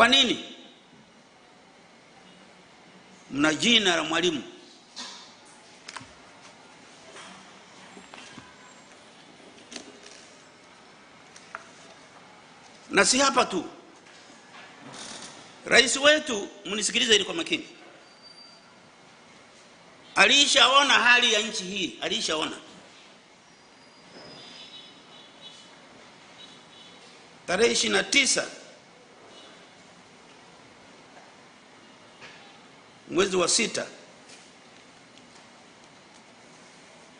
Kwa nini mna jina la mwalimu? Na si hapa tu, rais wetu, mnisikilize ili kwa makini, alishaona hali ya nchi hii, alishaona tarehe ishirini tisa mwezi wa sita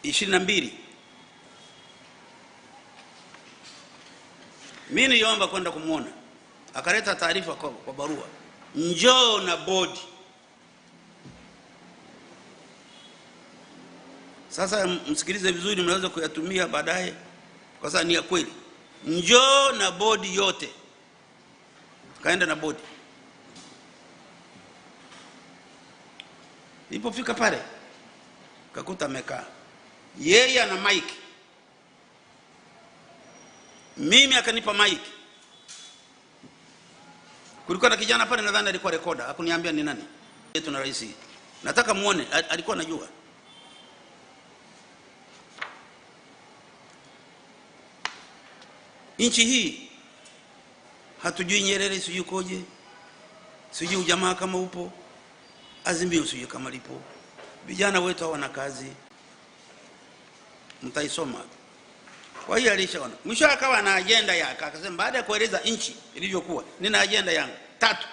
22 mi niliomba kwenda kumwona, akaleta taarifa kwa, kwa barua, njoo na bodi. Sasa msikilize vizuri, mnaweza kuyatumia baadaye kwa sababu ni ya kweli. Njoo na bodi yote, kaenda na bodi. Nilipofika pale kakuta amekaa yeye ana mike, mimi akanipa mike. Kulikuwa na kijana pale, nadhani alikuwa rekoda, hakuniambia ni nani yetu na rais. Nataka muone, alikuwa anajua nchi hii hatujui Nyerere sijui koje sijui ujamaa kama upo Azimio sijui kama lipo, vijana wetu hawana kazi, mtaisoma. Kwa hiyo alishaona mwisho, akawa na ajenda yake, akasema baada ya kueleza nchi ilivyokuwa, nina ajenda yangu tatu.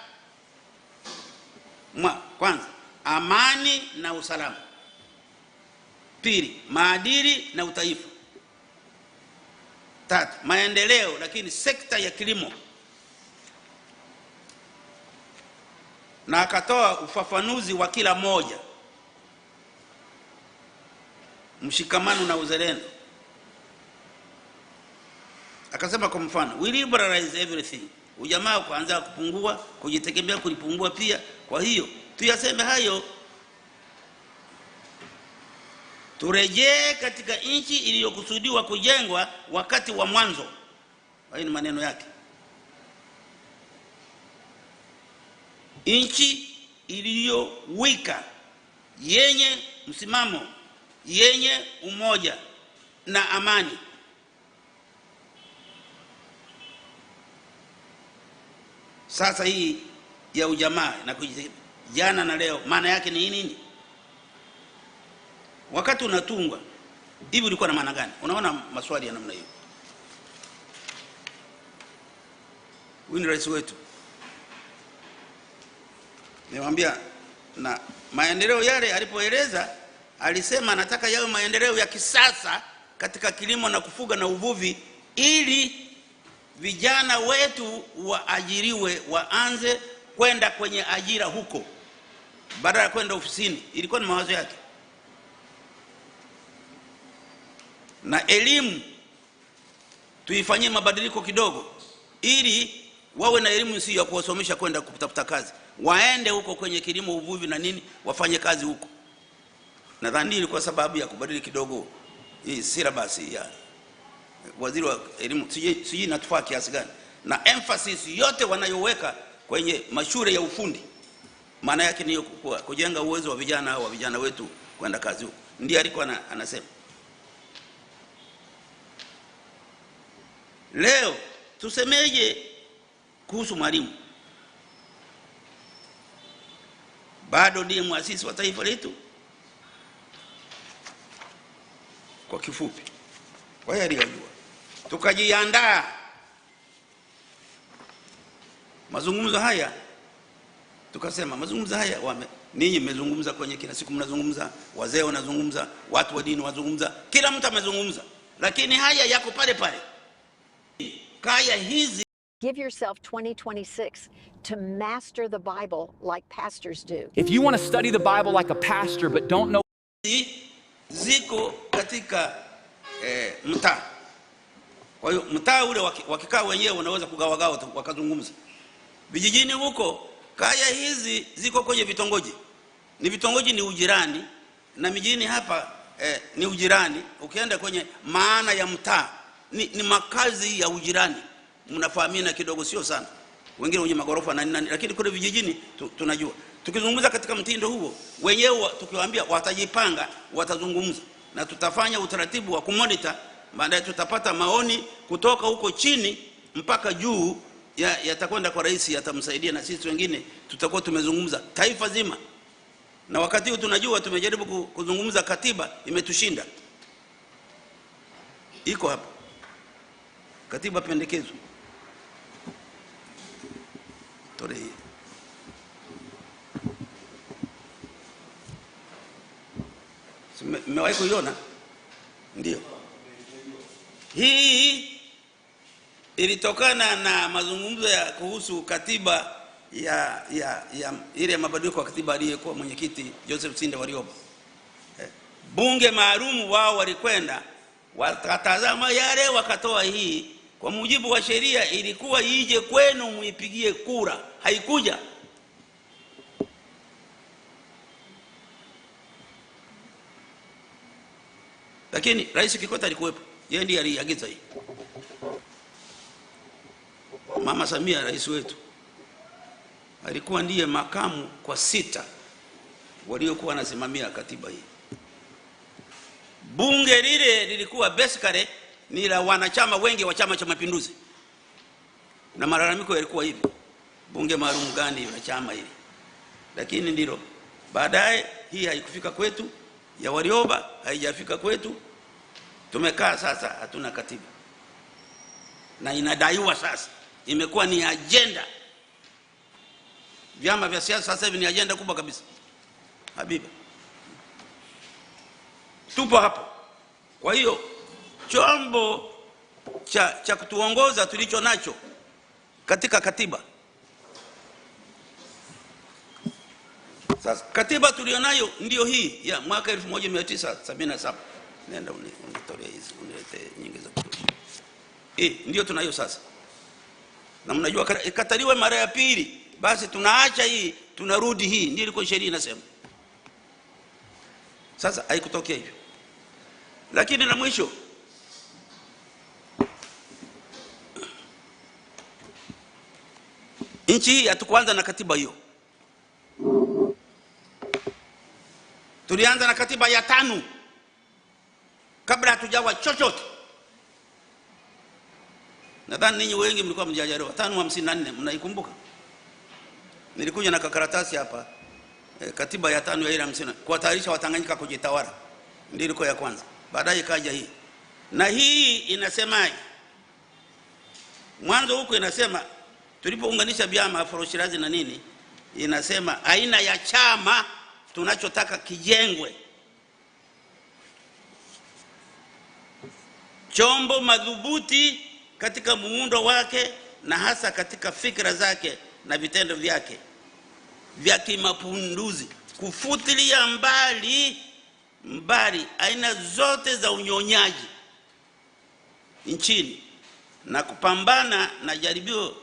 Mwa, kwanza amani na usalama, pili maadili na utaifa, tatu maendeleo, lakini sekta ya kilimo na akatoa ufafanuzi wa kila moja, mshikamano na uzalendo. Akasema kwa mfano, we liberalize everything, ujamaa ukaanza kupungua, kujitegemea kulipungua pia. Kwa hiyo tuyaseme hayo, turejee katika nchi iliyokusudiwa kujengwa wakati wa mwanzo. Hayo ni maneno yake. nchi iliyowika yenye msimamo, yenye umoja na amani. Sasa hii ya ujamaa na jana na leo, maana yake ni nini? Wakati unatungwa hivi ulikuwa na maana gani? Unaona maswali ya namna hiyo, huyu ni rais wetu. Nimwambia na maendeleo yale alipoeleza, alisema anataka yawe maendeleo ya kisasa katika kilimo na kufuga na uvuvi, ili vijana wetu waajiriwe, waanze kwenda kwenye ajira huko badala ya kwenda ofisini. Ilikuwa ni mawazo yake. Na elimu tuifanyie mabadiliko kidogo, ili wawe na elimu sio ya kuwasomesha kwenda kutafuta kazi waende huko kwenye kilimo, uvuvi na nini, wafanye kazi huko. Nadhani ilikuwa sababu ya kubadili kidogo hii syllabus ya waziri wa elimu, sijui natufaa kiasi gani, na emphasis yote wanayoweka kwenye mashule ya ufundi, maana yake ni kujenga uwezo wa vijana wa vijana wetu kwenda kazi huko. Ndiye alikuwa anasema. Leo tusemeje kuhusu mwalimu? bado ndiye mwasisi wa taifa letu? Kwa kifupi, kwa hiyo aliyojua, tukajiandaa. Mazungumzo haya tukasema, mazungumzo haya wame ninyi mmezungumza kwenye, kila siku mnazungumza, wazee wanazungumza, watu wa dini wanazungumza, kila mtu amezungumza, lakini haya yako pale pale, kaya hizi Give yourself 2026 to master the Bible like pastors do. If you want to study the Bible like a pastor but don't know ziko katika eh, Kwa hiyo ule wakikaa wenyewe wanaweza kugawagawa wakazungumza. Vijijini huko kaya hizi ziko kwenye vitongoji. Ni vitongoji ni ujirani na mijini hapa eh, ni ujirani. Ukienda kwenye maana ya ni, ni makazi ya ujirani. mnafahamiana kidogo, sio sana, wengine wenye magorofa na nani, lakini kule vijijini tu, tunajua. Tukizungumza katika mtindo huo wenyewe, tukiwaambia watajipanga, watazungumza na tutafanya utaratibu wa kumonita Baadaye tutapata maoni kutoka huko chini mpaka juu, yatakwenda ya kwa rais, yatamsaidia na sisi wengine tutakuwa tumezungumza taifa zima. Na wakati huu tunajua, tumejaribu kuzungumza katiba, imetushinda iko hapa katiba pendekezo today. Mmewahi kuiona? Ndio, hii ilitokana na mazungumzo ya kuhusu katiba ya, ya, ya ile ya mabadiliko ya katiba aliyekuwa mwenyekiti Joseph Sinde Warioba eh, bunge maalum wao walikwenda wakatazama yale wakatoa hii kwa mujibu wa sheria ilikuwa ije kwenu muipigie kura, haikuja. Lakini Rais Kikwete alikuwepo, yeye ndiye aliagiza hii. Mama Samia rais wetu alikuwa ndiye makamu kwa sita waliokuwa wanasimamia katiba hii. Bunge lile lilikuwa basically ni la wanachama wengi wa Chama cha Mapinduzi, na malalamiko yalikuwa hivi, bunge maalum gani la chama hili? Lakini ndilo baadaye, hii haikufika kwetu, ya Warioba haijafika kwetu. Tumekaa sasa, hatuna katiba na inadaiwa sasa, imekuwa ni ajenda vyama vya siasa sasa hivi ni ajenda kubwa kabisa. Habiba, tupo hapo, kwa hiyo chombo cha, cha kutuongoza tulicho nacho katika katiba. Sasa katiba tulionayo ndio hii ya mwaka 1977. Nenda unitolee hizi unilete nyingi za kutosha. Eh, ndio tunayo sasa. Na mnajua kataliwe mara ya pili, basi tunaacha hii, tunarudi hii, ndio ilikuwa sheria inasema. Sasa haikutokea hivyo. Lakini na mwisho Nchi hii hatukuanza na katiba hiyo, tulianza na katiba ya tano kabla hatujawa chochote. Nadhani ninyi wengi mlikuwa mjajaliwa tano hamsini na nne, mnaikumbuka? Nilikuja na kakaratasi hapa e, katiba ya tano ya ile hamsini kuwatayarisha Watanganyika kujitawala, ndio ilikuwa ya kwanza. Baadaye ikaja hii na hii inasemaje? Mwanzo huku inasema Tulipounganisha vyama Afro-Shirazi na nini, inasema aina ya chama tunachotaka kijengwe, chombo madhubuti katika muundo wake na hasa katika fikra zake na vitendo vyake vya kimapinduzi, kufutilia mbali mbali aina zote za unyonyaji nchini na kupambana na jaribio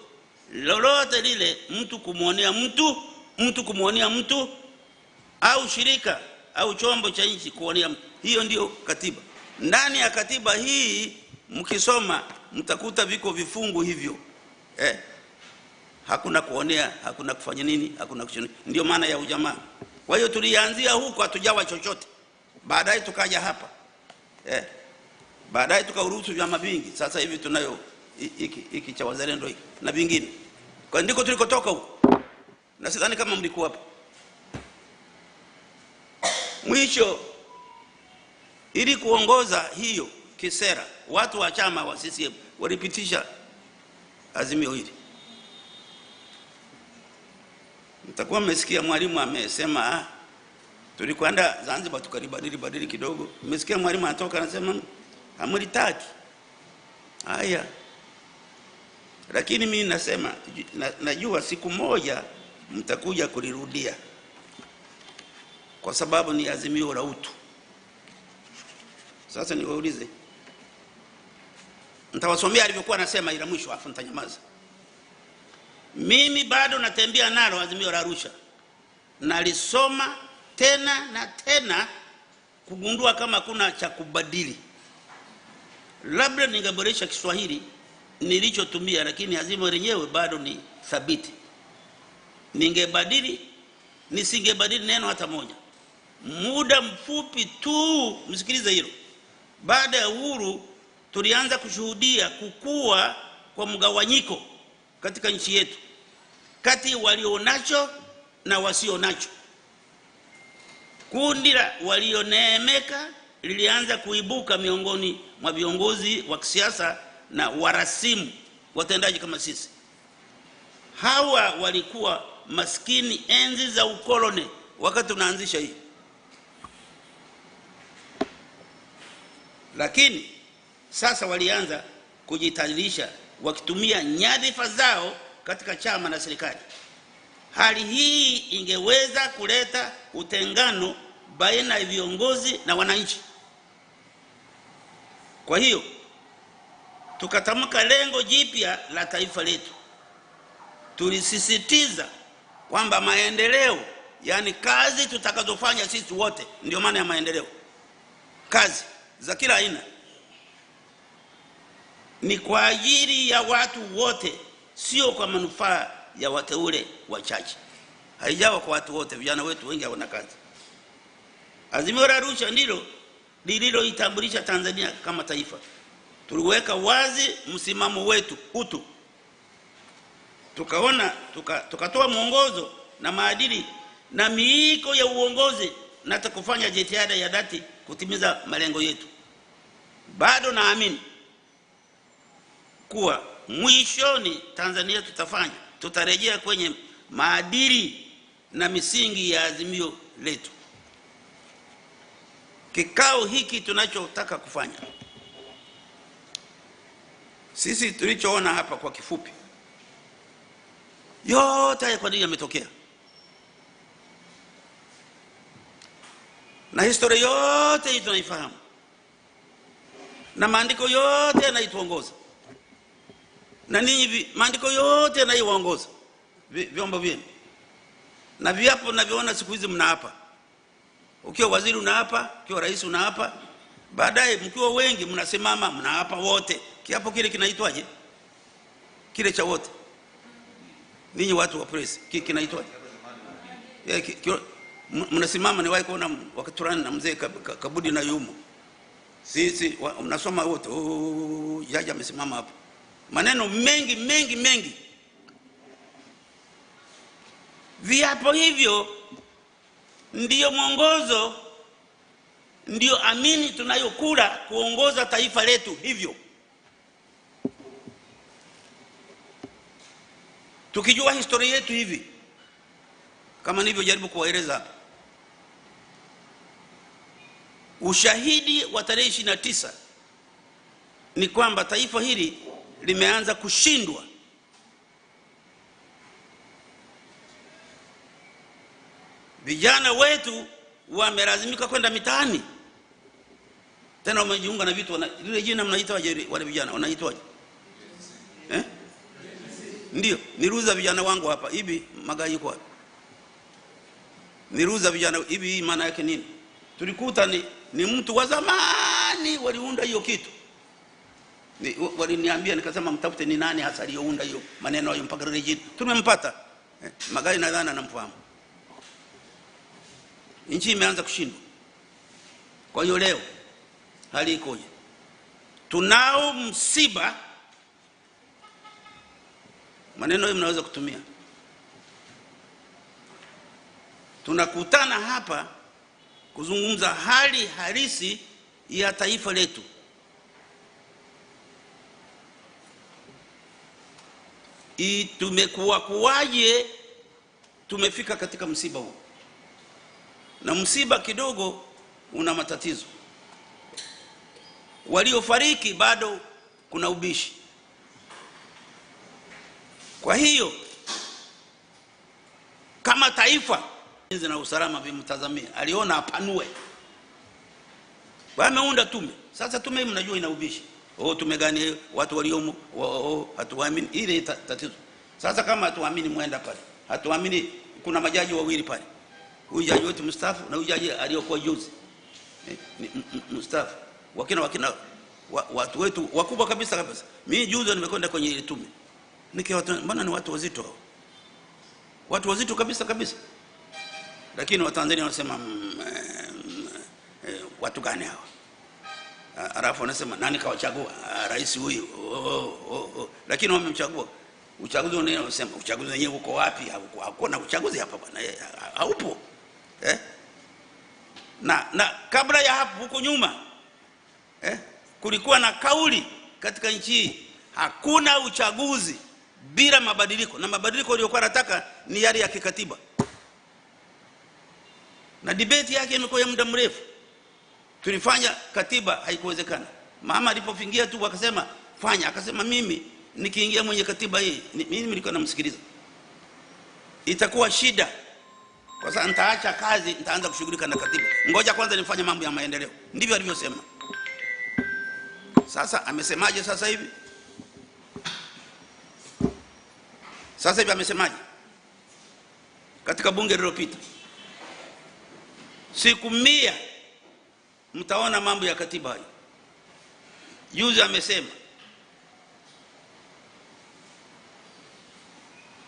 lolote lile, mtu kumwonea mtu mtu kumwonea mtu au shirika au chombo cha nchi kuonea mtu. Hiyo ndiyo katiba. Ndani ya katiba hii mkisoma mtakuta viko vifungu hivyo eh. Hakuna kuonea, hakuna kufanya nini, hakuna kuchoni. Ndio maana ya ujamaa. Kwa hiyo tulianzia huko, hatujawa chochote, baadaye tukaja hapa eh. Baadaye tukaruhusu vyama vingi, sasa hivi tunayo hiki cha wazalendo hiki na vingine. Kwa ndiko tulikotoka huko, na sidhani kama mlikuwa hapo. Mwisho, ili kuongoza hiyo kisera, watu wa chama wa CCM walipitisha azimio hili. Mtakuwa mmesikia mwalimu amesema ah, tulikwenda Zanzibar tukalibadili badili kidogo. Mmesikia mwalimu anatoka anasema hamlitaki haya. Lakini mimi nasema na, najua siku moja mtakuja kulirudia kwa sababu ni azimio la utu. Sasa niwaulize, nitawasomea alivyokuwa anasema ila mwisho afu nitanyamaza. Mimi bado natembea nalo azimio la Arusha, nalisoma tena na tena kugundua kama kuna cha kubadili. Labda ningeboresha Kiswahili nilichotumia, lakini hazima lenyewe bado ni thabiti. Ningebadili nisingebadili neno hata moja. Muda mfupi tu, msikilize hilo. Baada ya uhuru, tulianza kushuhudia kukua kwa mgawanyiko katika nchi yetu, kati walionacho na wasionacho. Kundi la walioneemeka lilianza kuibuka miongoni mwa viongozi wa kisiasa na warasimu watendaji kama sisi. Hawa walikuwa maskini enzi za ukoloni, wakati tunaanzisha hii, lakini sasa walianza kujitajirisha wakitumia nyadhifa zao katika chama na serikali. Hali hii ingeweza kuleta utengano baina ya viongozi na wananchi. Kwa hiyo tukatamka lengo jipya la taifa letu. Tulisisitiza kwamba maendeleo, yaani kazi tutakazofanya sisi wote, ndio maana ya maendeleo, kazi za kila aina ni kwa ajili ya watu wote, sio kwa manufaa ya wateule wachache. Haijawa kwa watu wote, vijana wetu wengi hawana kazi. Azimio la Arusha ndilo lililoitambulisha Tanzania kama taifa tuliweka wazi msimamo wetu utu, tukaona tukatoa tuka mwongozo na maadili na miiko ya uongozi na kufanya jitihada ya dhati kutimiza malengo yetu. Bado naamini kuwa mwishoni Tanzania tutafanya tutarejea kwenye maadili na misingi ya azimio letu. Kikao hiki tunachotaka kufanya sisi tulichoona hapa kwa kifupi, yote haya kwa nini yametokea, na historia yote hii tunaifahamu, na maandiko yote yanaituongoza, na ninyi maandiko yote yanaiwaongoza vyombo vyenu, na viapo navyoona siku hizi mnaapa, ukiwa waziri unaapa, ukiwa rais unaapa, baadaye mkiwa wengi mnasimama mnaapa wote kiapo kile kinaitwaje? Kile cha wote ninyi watu wa press kinaitwaje? Eh, mnasimama niwahi kuona wakaturani na mzee Kabudi na yumo sisi, mnasoma wote, jaji amesimama hapo, maneno mengi mengi mengi. Viapo hivyo ndiyo mwongozo, ndiyo amini tunayokula kuongoza taifa letu hivyo Tukijua historia yetu hivi kama nilivyojaribu kuwaeleza hapa, ushahidi wa tarehe ishirini na tisa ni kwamba taifa hili limeanza kushindwa vijana wetu wamelazimika kwenda mitaani, tena wamejiunga na vitu lile jina mnaita wale vijana wanaitwaje? Ndio, niruza vijana wangu hapa hivi, magai yuko wapi? Niruza vijana hivi, hii maana yake nini? Tulikuta ni, ni mtu wa zamani waliunda hiyo kitu ni, waliniambia nikasema, mtafute ni nani hasa aliyounda hiyo maneno hayo mpaka leo jini tumempata. Eh, magari nadhani anamfahamu. Nchi imeanza kushindwa. Kwa hiyo leo hali ikoje? Tunao msiba maneno hayo mnaweza kutumia. Tunakutana hapa kuzungumza hali halisi ya taifa letu. Tumekuwa kuwaje? Tumefika katika msiba huu, na msiba kidogo una matatizo. Waliofariki bado kuna ubishi. Kwa hiyo kama taifa ulinzi na usalama vimtazamia, aliona apanue. Wameunda tume, sasa tume hii mnajua ina ubishi. Oh, tume gani? Watu waliomo oh, oh, oh hatuamini Ile tatizo sasa, kama hatuamini mwenda pale, hatuamini. Kuna majaji wawili pale, huyu jaji wetu mstaafu na huyu jaji aliyokuwa juzi mstaafu, wakina wakina watu wetu wakubwa kabisa kabisa. Mimi juzi nimekwenda kwenye ile tume Mke watu, mbona ni watu wazito, watu wazito kabisa kabisa, lakini Watanzania wanasema mm, eh, eh, watu gani hawa? Alafu wanasema nani kawachagua rais huyu? oh, oh, oh. Lakini wamemchagua. Uchaguzi wenyewe wanasema uchaguzi wenyewe uko wapi? Hakuna uchaguzi hapa bwana, eh, haupo eh? na, na kabla ya hapo huko nyuma eh, kulikuwa na kauli katika nchi hii, hakuna uchaguzi bila mabadiliko, na mabadiliko aliyokuwa anataka ni yale ya kikatiba, na debate yake imekuwa ya muda mrefu. Tulifanya katiba, haikuwezekana. Mama alipofingia tu akasema fanya, akasema mimi nikiingia mwenye katiba hii, mimi nilikuwa namsikiliza, itakuwa shida kwa sababu nitaacha kazi, nitaanza kushughulika na katiba. Ngoja kwanza nifanye mambo ya maendeleo. Ndivyo alivyosema. Sasa amesemaje sasa hivi? Sasa hivi amesemaje katika bunge lililopita? Siku mia mtaona mambo ya katiba hayo. Juzi amesema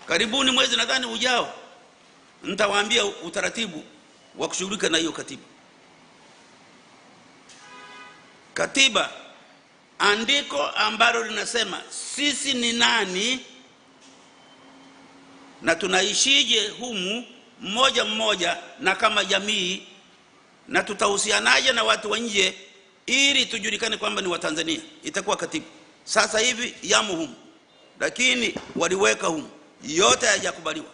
karibuni mwezi nadhani ujao nitawaambia utaratibu wa kushughulika na hiyo katiba. Katiba andiko ambalo linasema sisi ni nani na tunaishije humu mmoja mmoja na kama jamii, na tutahusianaje na watu wa nje ili tujulikane kwamba ni Watanzania. Itakuwa katibu sasa hivi yamo humu, lakini waliweka humu, yote hayajakubaliwa.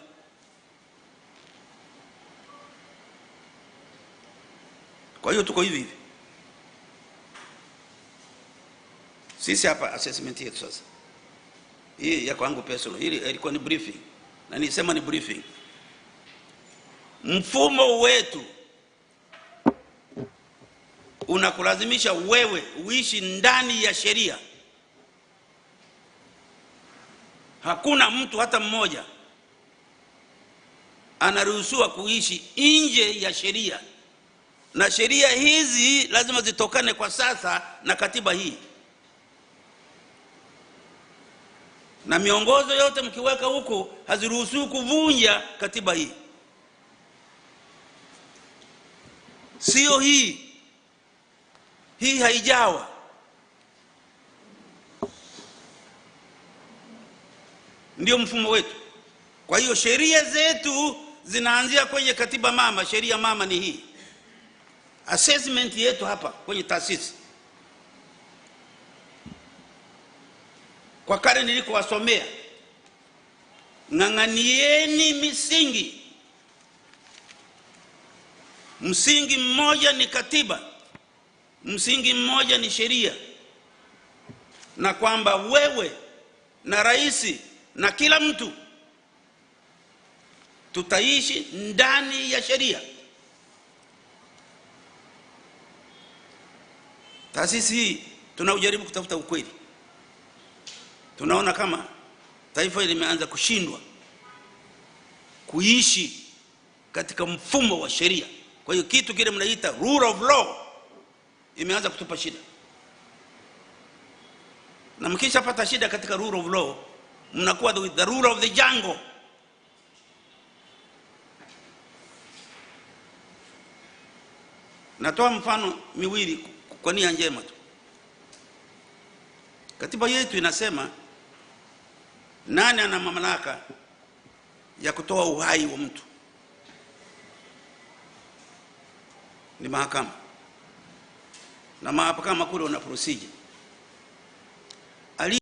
Kwa hiyo tuko hivi hivi sisi hapa. Assessment yetu sasa hii ya kwangu personal, hili ilikuwa ni briefing na nisema ni briefing. Mfumo wetu unakulazimisha wewe uishi ndani ya sheria. Hakuna mtu hata mmoja anaruhusiwa kuishi nje ya sheria, na sheria hizi lazima zitokane kwa sasa na katiba hii. na miongozo yote mkiweka huko haziruhusiwi kuvunja katiba hii, sio hii hii haijawa. Ndio mfumo wetu. Kwa hiyo sheria zetu zinaanzia kwenye katiba mama. Sheria mama ni hii. Assessment yetu hapa kwenye taasisi kwa kale nilikowasomea, ng'ang'anieni misingi. Msingi mmoja ni katiba, msingi mmoja ni sheria, na kwamba wewe na rais na kila mtu tutaishi ndani ya sheria. Taasisi hii tunaujaribu kutafuta ukweli. Tunaona kama taifa hili limeanza kushindwa kuishi katika mfumo wa sheria. Kwa hiyo kitu kile mnaita rule of law imeanza kutupa shida, na mkishapata shida katika rule of law mnakuwa the rule of the jungle. Natoa mfano miwili kwa nia njema tu. Katiba yetu inasema nani ana mamlaka ya kutoa uhai wa mtu? Ni mahakama, na mahakama kule una procedure